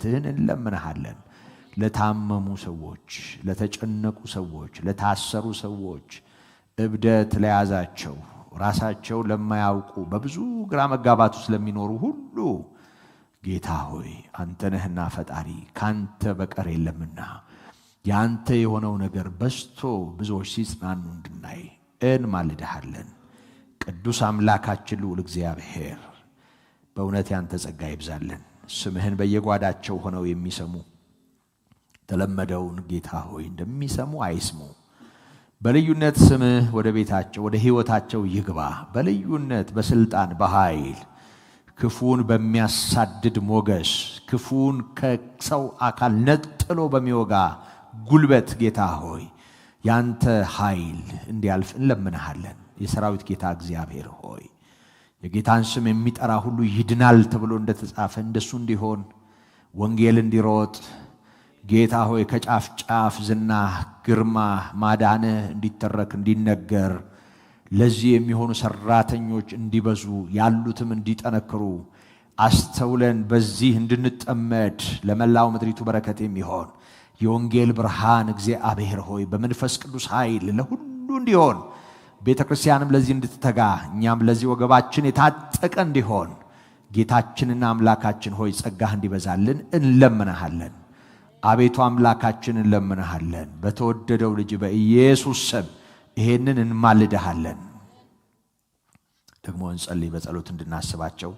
ምሕረትህን እንለምንሃለን። ለታመሙ ሰዎች፣ ለተጨነቁ ሰዎች፣ ለታሰሩ ሰዎች፣ እብደት ለያዛቸው፣ ራሳቸው ለማያውቁ፣ በብዙ ግራ መጋባት ውስጥ ለሚኖሩ ሁሉ ጌታ ሆይ አንተ ነህና ፈጣሪ ካንተ በቀር የለምና የአንተ የሆነው ነገር በስቶ ብዙዎች ሲጽናኑ እንድናይ እንማልድሃለን። ቅዱስ አምላካችን ልዑል እግዚአብሔር በእውነት ያንተ ጸጋ ይብዛለን። ስምህን በየጓዳቸው ሆነው የሚሰሙ ተለመደውን ጌታ ሆይ እንደሚሰሙ አይስሙ። በልዩነት ስምህ ወደ ቤታቸው ወደ ሕይወታቸው ይግባ። በልዩነት በስልጣን በኃይል ክፉን በሚያሳድድ ሞገስ ክፉን ከሰው አካል ነጥሎ በሚወጋ ጉልበት ጌታ ሆይ ያንተ ኃይል እንዲያልፍ እንለምንሃለን። የሰራዊት ጌታ እግዚአብሔር ሆይ የጌታን ስም የሚጠራ ሁሉ ይድናል ተብሎ እንደተጻፈ እንደሱ እንዲሆን ወንጌል እንዲሮጥ ጌታ ሆይ ከጫፍ ጫፍ ዝና፣ ግርማ፣ ማዳነ እንዲተረክ እንዲነገር ለዚህ የሚሆኑ ሰራተኞች እንዲበዙ ያሉትም እንዲጠነክሩ አስተውለን በዚህ እንድንጠመድ ለመላው ምድሪቱ በረከት የሚሆን የወንጌል ብርሃን እግዚአብሔር ሆይ በመንፈስ ቅዱስ ኃይል ለሁሉ እንዲሆን ቤተ ክርስቲያንም ለዚህ እንድትተጋ እኛም ለዚህ ወገባችን የታጠቀ እንዲሆን ጌታችንና አምላካችን ሆይ ጸጋህ እንዲበዛልን እንለምንሃለን። አቤቱ አምላካችን እንለምንሃለን። በተወደደው ልጅ በኢየሱስ ስም ይሄንን እንማልድሃለን። ደግሞ እንጸልይ። በጸሎት እንድናስባቸው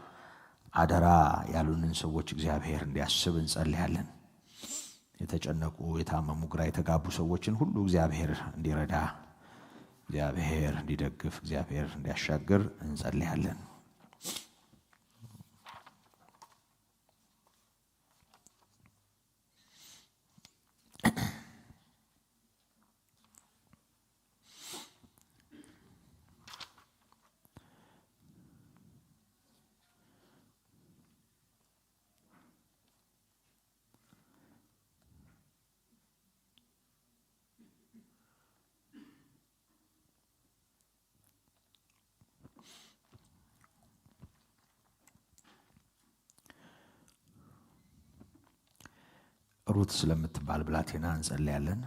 አደራ ያሉንን ሰዎች እግዚአብሔር እንዲያስብ እንጸልያለን። የተጨነቁ፣ የታመሙ፣ ግራ የተጋቡ ሰዎችን ሁሉ እግዚአብሔር እንዲረዳ እግዚአብሔር እንዲደግፍ፣ እግዚአብሔር እንዲያሻግር እንጸልያለን። ሩት ስለምትባል ብላቴና እንጸልያለን።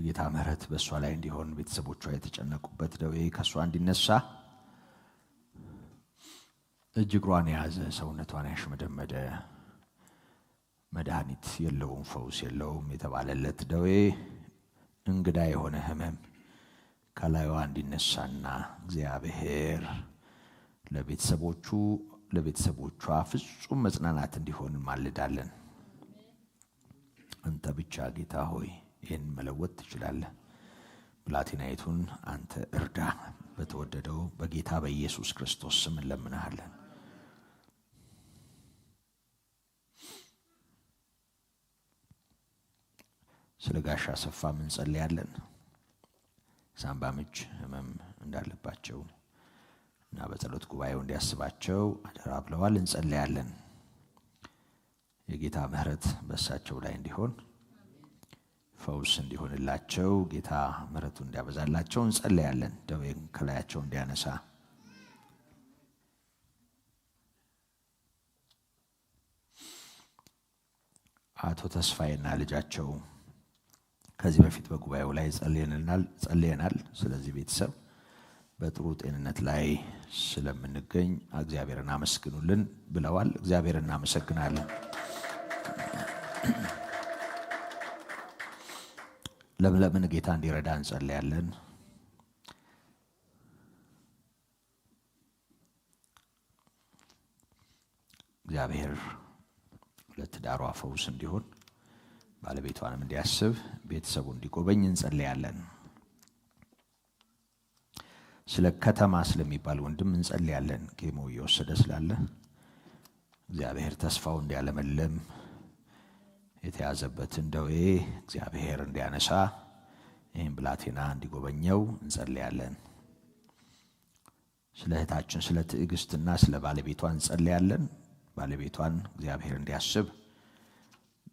የጌታ ምሕረት በእሷ ላይ እንዲሆን ቤተሰቦቿ የተጨነቁበት ደዌ ከእሷ እንዲነሳ እጅ እግሯን የያዘ ሰውነቷን ያሽመደመደ መድኃኒት የለውም ፈውስ የለውም የተባለለት ደዌ እንግዳ የሆነ ህመም ከላይዋ እንዲነሳና እግዚአብሔር ለቤተሰቦቹ ለቤተሰቦቿ ፍጹም መጽናናት እንዲሆን ማልዳለን። አንተ ብቻ ጌታ ሆይ ይህን መለወጥ ትችላለህ። ብላቴናይቱን አንተ እርዳ። በተወደደው በጌታ በኢየሱስ ክርስቶስ ስም እንለምናሃለን። ስለ ጋሻ ሰፋ እንጸልያለን። ሳምባ ምች ህመም እንዳለባቸው እና በጸሎት ጉባኤው እንዲያስባቸው አደራ ብለዋል። እንጸለያለን። የጌታ ምሕረት በእሳቸው ላይ እንዲሆን ፈውስ እንዲሆንላቸው ጌታ ምሕረቱ እንዲያበዛላቸው እንጸለያለን። ደዌን ከላያቸው እንዲያነሳ አቶ ተስፋዬና ልጃቸው ከዚህ በፊት በጉባኤው ላይ ጸልየናል። ስለዚህ ቤተሰብ በጥሩ ጤንነት ላይ ስለምንገኝ እግዚአብሔር እናመስግኑልን ብለዋል። እግዚአብሔር እናመሰግናለን። ለምለምን ጌታ እንዲረዳ እንጸለያለን። እግዚአብሔር ለትዳሯ ፈውስ እንዲሆን ባለቤቷንም እንዲያስብ ቤተሰቡ እንዲጎበኝ እንጸለያለን። ስለ ከተማ ስለሚባል ወንድም እንጸልያለን። ኬሞ እየወሰደ ስላለ እግዚአብሔር ተስፋው እንዲያለመልም የተያዘበትን ደዌ እግዚአብሔር እንዲያነሳ ይህም ብላቴና እንዲጎበኘው እንጸልያለን። ስለ እህታችን ስለ ትዕግስትና ስለ ባለቤቷ እንጸልያለን። ባለቤቷን እግዚአብሔር እንዲያስብ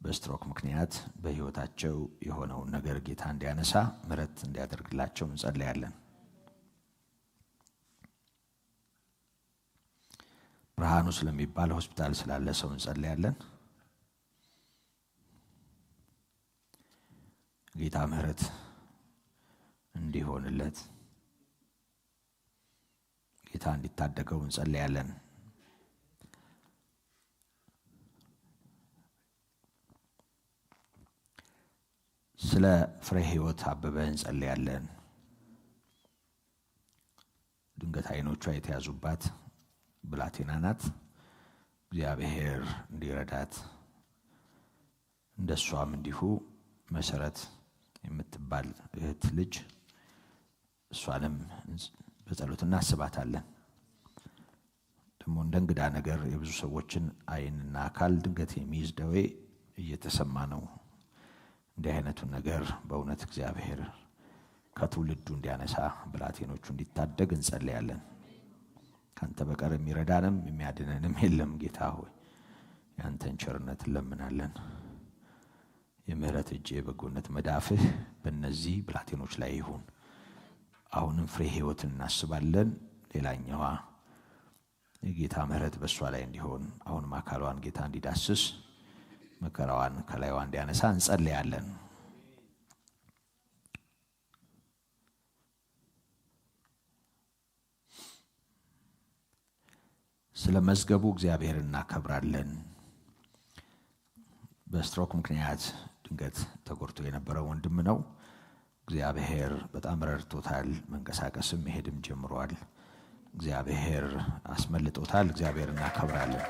በስትሮክ ምክንያት በሕይወታቸው የሆነውን ነገር ጌታ እንዲያነሳ ምረት እንዲያደርግላቸው እንጸልያለን። ብርሃኑ ስለሚባል ሆስፒታል ስላለ ሰው እንጸለያለን። ጌታ ምሕረት እንዲሆንለት ጌታ እንዲታደገው እንጸለያለን። ስለ ፍሬ ህይወት አበበ እንጸለያለን። ድንገት አይኖቿ የተያዙባት ብላቴና ናት። እግዚአብሔር እንዲረዳት እንደሷም እንዲሁ መሰረት የምትባል እህት ልጅ እሷንም በጸሎት እናስባታለን። ደግሞ እንደ እንግዳ ነገር የብዙ ሰዎችን ዓይንና አካል ድንገት የሚይዝ ደዌ እየተሰማ ነው። እንዲህ አይነቱን ነገር በእውነት እግዚአብሔር ከትውልዱ እንዲያነሳ ብላቴኖቹ እንዲታደግ እንጸልያለን። ከአንተ በቀር የሚረዳንም የሚያድነንም የለም። ጌታ ሆይ የአንተን ቸርነት እንለምናለን። የምህረት እጅ የበጎነት መዳፍህ በእነዚህ ብላቴኖች ላይ ይሁን። አሁንም ፍሬ ህይወት እናስባለን። ሌላኛዋ የጌታ ምህረት በእሷ ላይ እንዲሆን አሁንም አካሏን ጌታ እንዲዳስስ መከራዋን ከላይዋ እንዲያነሳ እንጸለያለን። ስለ መዝገቡ እግዚአብሔር እናከብራለን። በስትሮክ ምክንያት ድንገት ተጎድቶ የነበረ ወንድም ነው። እግዚአብሔር በጣም ረድቶታል። መንቀሳቀስም መሄድም ጀምሯል። እግዚአብሔር አስመልጦታል። እግዚአብሔር እናከብራለን።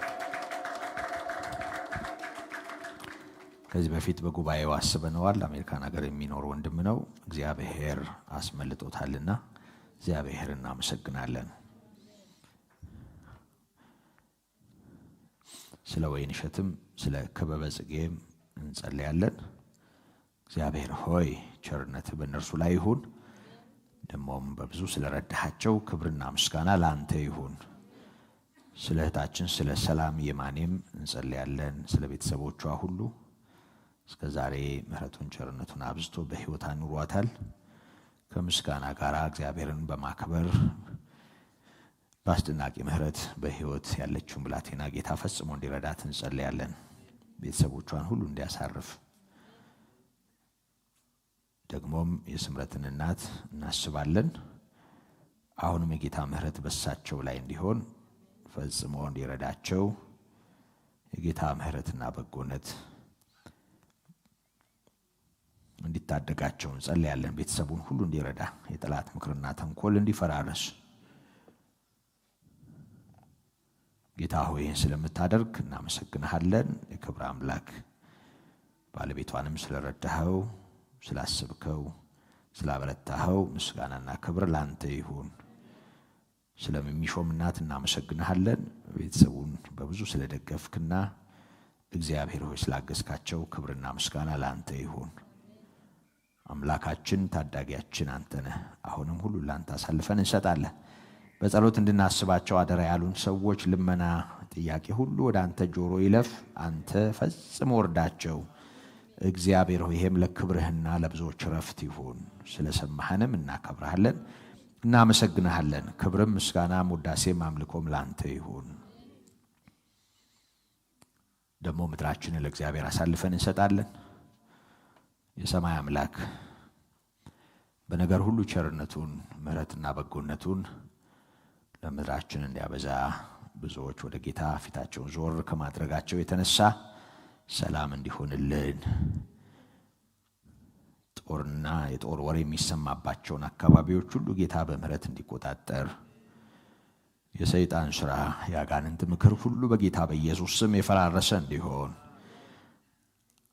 ከዚህ በፊት በጉባኤው አስበነዋል። አሜሪካን ሀገር የሚኖር ወንድም ነው። እግዚአብሔር አስመልጦታልና እግዚአብሔር እናመሰግናለን። ስለ ወይን እሸትም ስለ ክበበ ጽጌም እንጸለያለን። እግዚአብሔር ሆይ ቸርነት በእነርሱ ላይ ይሁን። ደግሞም በብዙ ስለረዳሃቸው ክብርና ምስጋና ለአንተ ይሁን። ስለ እህታችን ስለ ሰላም የማኔም እንጸለያለን። ስለ ቤተሰቦቿ ሁሉ እስከ ዛሬ ምሕረቱን ቸርነቱን አብዝቶ በሕይወት አኑሯታል። ከምስጋና ጋር እግዚአብሔርን በማክበር በአስደናቂ ምሕረት በሕይወት ያለችውን ብላቴና ጌታ ፈጽሞ እንዲረዳት እንጸልያለን። ቤተሰቦቿን ሁሉ እንዲያሳርፍ ደግሞም የስምረትን እናት እናስባለን። አሁንም የጌታ ምሕረት በሳቸው ላይ እንዲሆን ፈጽሞ እንዲረዳቸው የጌታ ምሕረትና በጎነት እንዲታደጋቸው እንጸልያለን። ቤተሰቡን ሁሉ እንዲረዳ የጠላት ምክርና ተንኮል እንዲፈራረስ ጌታ ሆይ ይህን ስለምታደርግ እናመሰግንሃለን። የክብር አምላክ ባለቤቷንም ስለረዳኸው፣ ስላስብከው፣ ስላበረታኸው ምስጋናና ክብር ላንተ ይሁን። ስለሚሾም እናት እናመሰግንሃለን። ቤተሰቡን በብዙ ስለደገፍክና እግዚአብሔር ሆይ ስላገዝካቸው ክብርና ምስጋና ላንተ ይሁን። አምላካችን ታዳጊያችን አንተነህ አሁንም ሁሉ ላንተ አሳልፈን እንሰጣለን። በጸሎት እንድናስባቸው አደራ ያሉን ሰዎች ልመና፣ ጥያቄ ሁሉ ወደ አንተ ጆሮ ይለፍ። አንተ ፈጽሞ ወርዳቸው እግዚአብሔር ሆይ ይህም ለክብርህና ለብዙዎች ረፍት ይሁን። ስለሰማህንም እናከብረሃለን፣ እናመሰግንሃለን። ክብርም ምስጋና ውዳሴም አምልኮም ለአንተ ይሁን። ደግሞ ምድራችንን ለእግዚአብሔር አሳልፈን እንሰጣለን። የሰማይ አምላክ በነገር ሁሉ ቸርነቱን ምሕረትና በጎነቱን ለምድራችን እንዲያበዛ ብዙዎች ወደ ጌታ ፊታቸውን ዞር ከማድረጋቸው የተነሳ ሰላም እንዲሆንልን ጦርና የጦር ወሬ የሚሰማባቸውን አካባቢዎች ሁሉ ጌታ በምሕረት እንዲቆጣጠር የሰይጣን ስራ፣ የአጋንንት ምክር ሁሉ በጌታ በኢየሱስ ስም የፈራረሰ እንዲሆን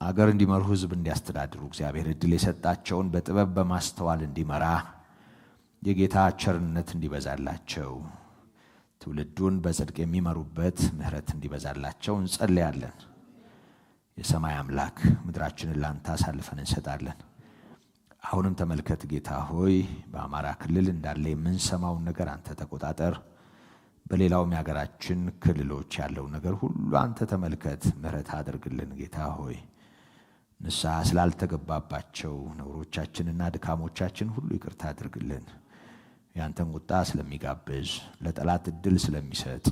አገር እንዲመሩ፣ ሕዝብ እንዲያስተዳድሩ እግዚአብሔር እድል የሰጣቸውን በጥበብ በማስተዋል እንዲመራ የጌታ ቸርነት እንዲበዛላቸው ትውልዱን በጽድቅ የሚመሩበት ምሕረት እንዲበዛላቸው እንጸለያለን። የሰማይ አምላክ ምድራችንን ላንተ አሳልፈን እንሰጣለን። አሁንም ተመልከት ጌታ ሆይ፣ በአማራ ክልል እንዳለ የምንሰማውን ነገር አንተ ተቆጣጠር። በሌላውም የሀገራችን ክልሎች ያለው ነገር ሁሉ አንተ ተመልከት፣ ምሕረት አድርግልን ጌታ ሆይ። ንስሐ ስላልተገባባቸው ነውሮቻችንና ድካሞቻችን ሁሉ ይቅርታ አድርግልን። ያንተን ቁጣ ስለሚጋብዝ፣ ለጠላት እድል ስለሚሰጥ፣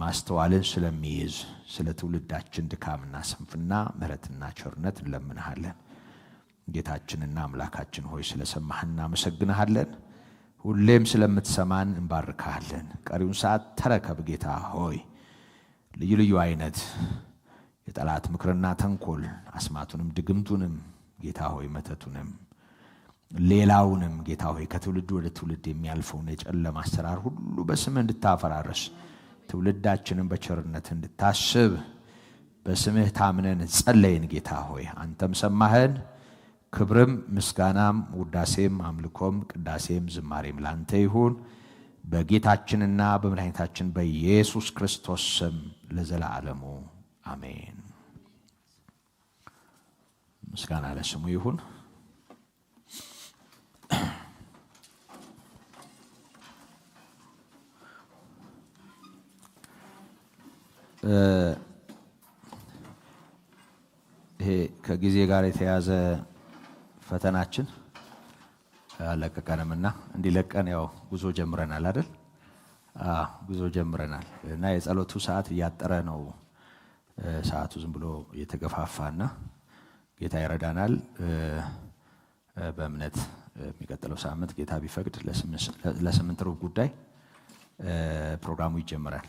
ማስተዋልን ስለሚይዝ፣ ስለ ትውልዳችን ድካምና ስንፍና ምሕረትና ቸርነት እንለምንሃለን። ጌታችንና አምላካችን ሆይ ስለሰማህን እናመሰግንሃለን። ሁሌም ስለምትሰማን እንባርካሃለን። ቀሪውን ሰዓት ተረከብ ጌታ ሆይ። ልዩ ልዩ አይነት የጠላት ምክርና ተንኮል አስማቱንም ድግምቱንም ጌታ ሆይ መተቱንም ሌላውንም ጌታ ሆይ ከትውልድ ወደ ትውልድ የሚያልፈውን የጨለማ አሰራር ሁሉ በስምህ እንድታፈራረስ ትውልዳችንን በቸርነት እንድታስብ በስምህ ታምነን ጸለይን። ጌታ ሆይ አንተም ሰማህን። ክብርም ምስጋናም ውዳሴም አምልኮም ቅዳሴም ዝማሬም ላንተ ይሁን በጌታችንና በመድኃኒታችን በኢየሱስ ክርስቶስ ስም ለዘላለሙ አሜን። ምስጋና ለስሙ ይሁን። ይሄ ከጊዜ ጋር የተያዘ ፈተናችን አለቀቀንም እና እንዲለቀን ያው ጉዞ ጀምረናል አይደል? ጉዞ ጀምረናል እና የጸሎቱ ሰዓት እያጠረ ነው። ሰዓቱ ዝም ብሎ እየተገፋፋ እና ጌታ ይረዳናል። በእምነት የሚቀጥለው ሳምንት ጌታ ቢፈቅድ ለስምንት ሩብ ጉዳይ ፕሮግራሙ ይጀምራል።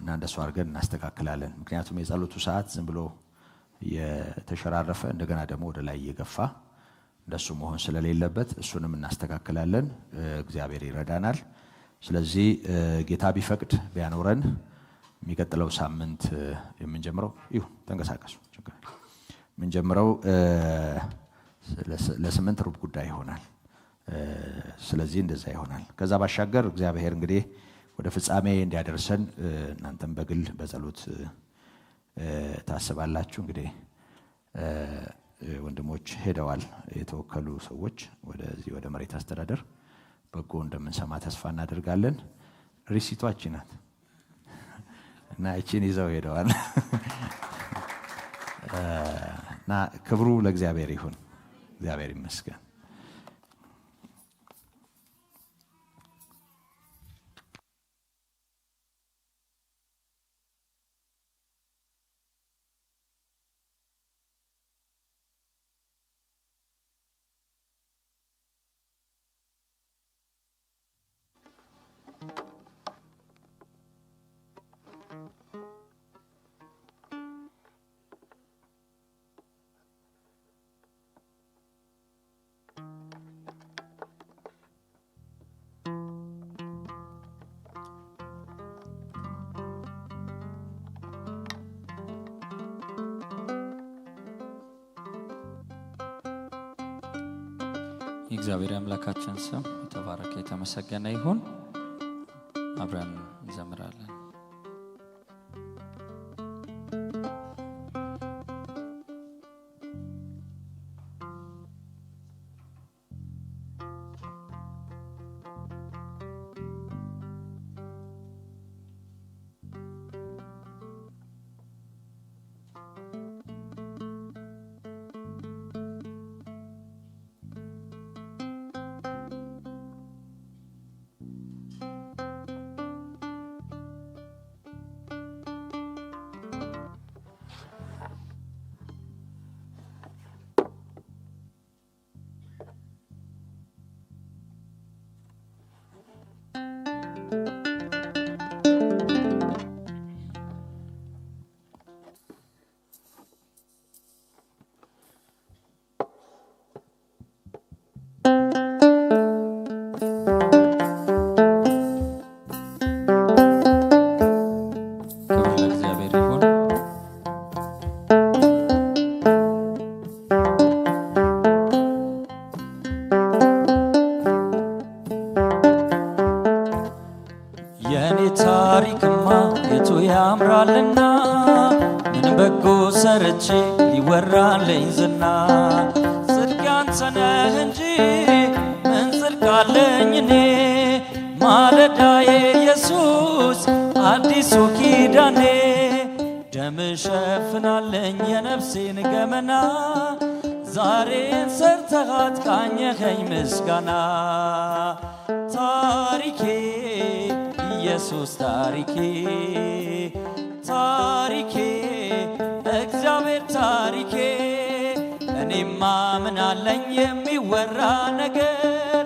እና እንደሱ አድርገን እናስተካክላለን። ምክንያቱም የጸሎቱ ሰዓት ዝም ብሎ የተሸራረፈ እንደገና ደግሞ ወደ ላይ እየገፋ እንደሱ መሆን ስለሌለበት እሱንም እናስተካክላለን። እግዚአብሔር ይረዳናል። ስለዚህ ጌታ ቢፈቅድ ቢያኖረን የሚቀጥለው ሳምንት የምንጀምረው ይሁ ተንቀሳቀሱ የምንጀምረው ለስምንት ሩብ ጉዳይ ይሆናል። ስለዚህ እንደዛ ይሆናል። ከዛ ባሻገር እግዚአብሔር እንግዲህ ወደ ፍጻሜ እንዲያደርሰን እናንተም በግል በጸሎት ታስባላችሁ። እንግዲህ ወንድሞች ሄደዋል፣ የተወከሉ ሰዎች ወደዚህ ወደ መሬት አስተዳደር በጎ እንደምንሰማ ተስፋ እናደርጋለን። ሪሲቷች ናት እና እቺን ይዘው ሄደዋል እና ክብሩ ለእግዚአብሔር ይሁን። እግዚአብሔር ይመስገን። የእግዚአብሔር አምላካችን ስም የተባረከ የተመሰገነ ይሁን። አብረን እንዘምራለን። ላዳኘኸኝ ምስጋና ታሪኬ ኢየሱስ ታሪኬ ታሪኬ እግዚአብሔር ታሪኬ እኔማ ምን የሚወራ ነገር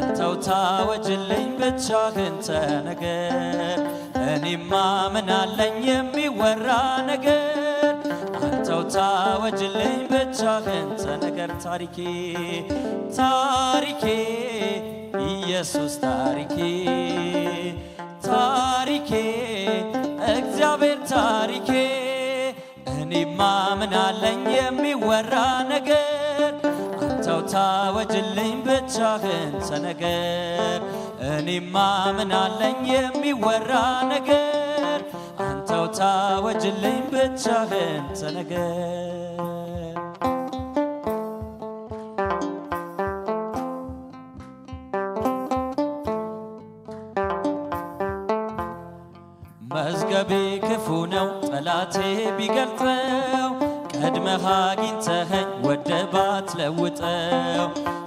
አንተው ታወጅልኝ ብቻህን ተነገር እኔማ ምናለኝ የሚወራ ነገር ታወጅልኝ ብቻህን ነገር ታሪኬ ታሪኬ ኢየሱስ ታሪኬ ታሪኬ እግዚአብሔር ታሪኬ እኔማ ምናለኝ የሚወራ ነገር አንተው ታወጅልኝ ብቻህን ተነገር እኔማ ምናለኝ የሚወራ ነገር ታወጅልኝ ብቻ ለንተ ነገር መዝገቤ ክፉ ነው ጠላቴ ቢገልጠው ቀድመህ አግኝተኸኝ ወደ ባትለውጠው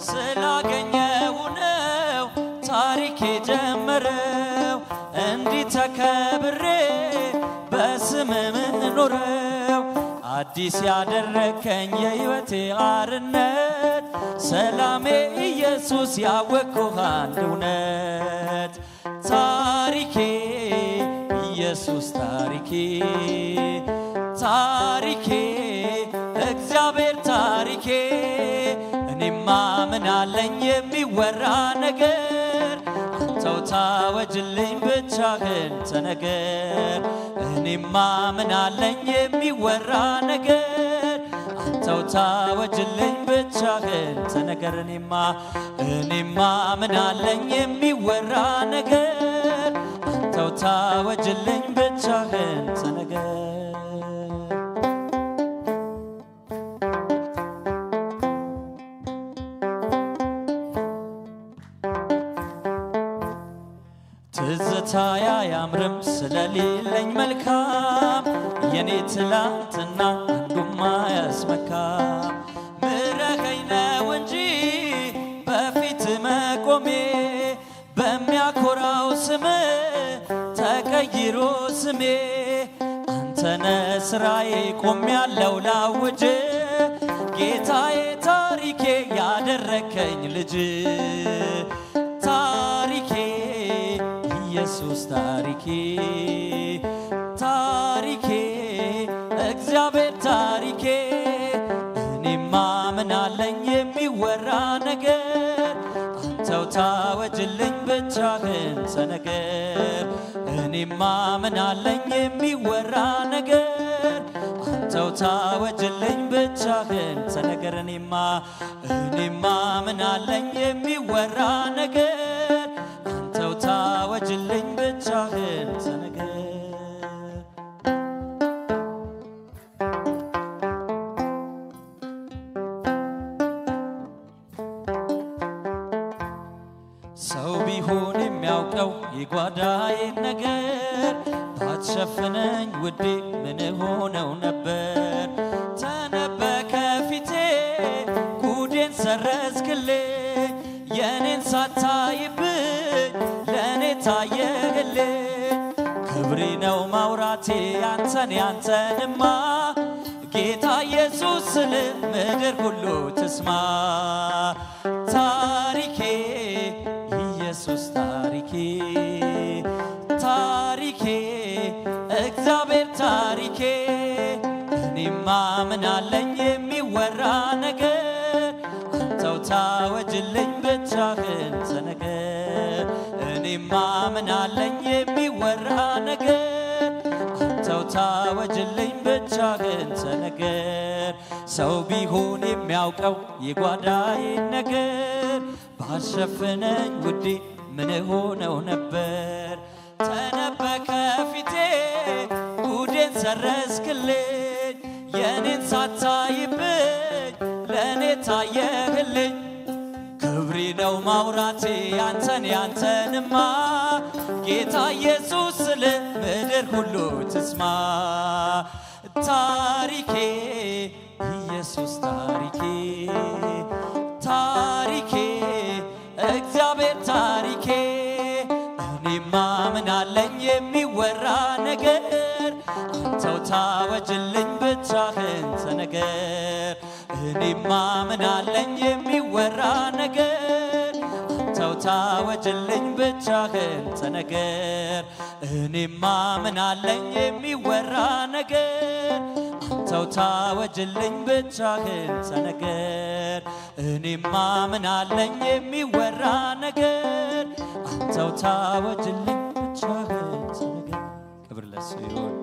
ስላገኘው ነው ታሪክ የጀመረው እንዲህ ተከብሬ በስም ምንኖረው አዲስ ያደረከኝ የሕይወቴ አርነት ሰላሜ ኢየሱስ ያወቅኩህ አንድ እውነት ታሪኬ ኢየሱስ ታሪኬ ታሪኬ እግዚአብሔር ታሪኬ እኔማ ምናለኝ የሚወራ ነገር ሰው ታወጅልኝ ብቻህን ተነገር እኔማ ምናለኝ የሚወራ ነገር አንተው ታወጅልኝ ብቻህን ተነገር እኔማ እኔማ ምናለኝ የሚወራ ነገር አንተው ታወጅልኝ ብቻህን ተነገር ምንም ስለሌለኝ መልካም የኔ ትላንትና አንዱማ ያስመካ ምረከኝ ነው እንጂ በፊት መቆሜ በሚያኮራው ስም ተቀይሮ ስሜ አንተነ ስራዬ ቆም ያለው ላውጅ ጌታዬ ታሪኬ ያደረከኝ ልጅ ኢየሱስ ታሪኬ ታሪኬ እግዚአብሔር ታሪኬ እኔማ ምናለኝ የሚወራ ነገር አንተው ታወጅልኝ ብቻህን ሰነገር እኔማ ምናለኝ የሚወራ ነገር አንተው ታወጅልኝ ብቻህን ሰነገር እኔማ እኔማ ምናለኝ የሚወራ ነገር ያንተን ያንተንማ ጌታ ኢየሱስ ስል ምድር ሁሉ ትስማ። ታሪኬ ኢየሱስ ታሪኬ ታሪኬ እግዚአብሔር ታሪኬ እኔማ ምናለኝ የሚወራ ነገር አንተው ታወጅልኝ ብቻህን ተነገር እኔማ ምናለኝ የሚወራ ነገር ታወጅልኝ ብቻ ግን ተነገር ሰው ቢሆን የሚያውቀው የጓዳዬን ነገር ባሸፍነኝ ውዴ ምን ሆነው ነበር? ተነበከ ፊቴ ጉዴን ሰረዝክልኝ የኔን ሳታይብኝ ለእኔ ታየህልኝ ክብሪ ነው ማውራቴ ያንተን ያንተንማ ጌታ ኢየሱስ ለምድር ምድር ሁሉ ትስማ። ታሪኬ ኢየሱስ ታሪኬ ታሪኬ እግዚአብሔር ታሪኬ እኔማ ምናለኝ የሚወራ ነገር አንተው ታወጅልኝ ብቻህን ነገር እኔ ማምናለኝ የሚወራ ነገር ነው ታወጅልኝ ብቻህን ተነገር እኔማ ምናለኝ የሚወራ ነገር አንተው ታወጅልኝ ብቻህን ተነገር እኔማ ምናለኝ የሚወራ ነገር አንተው ታወጅልኝ ብቻህን ተነገር ክብር ለሱ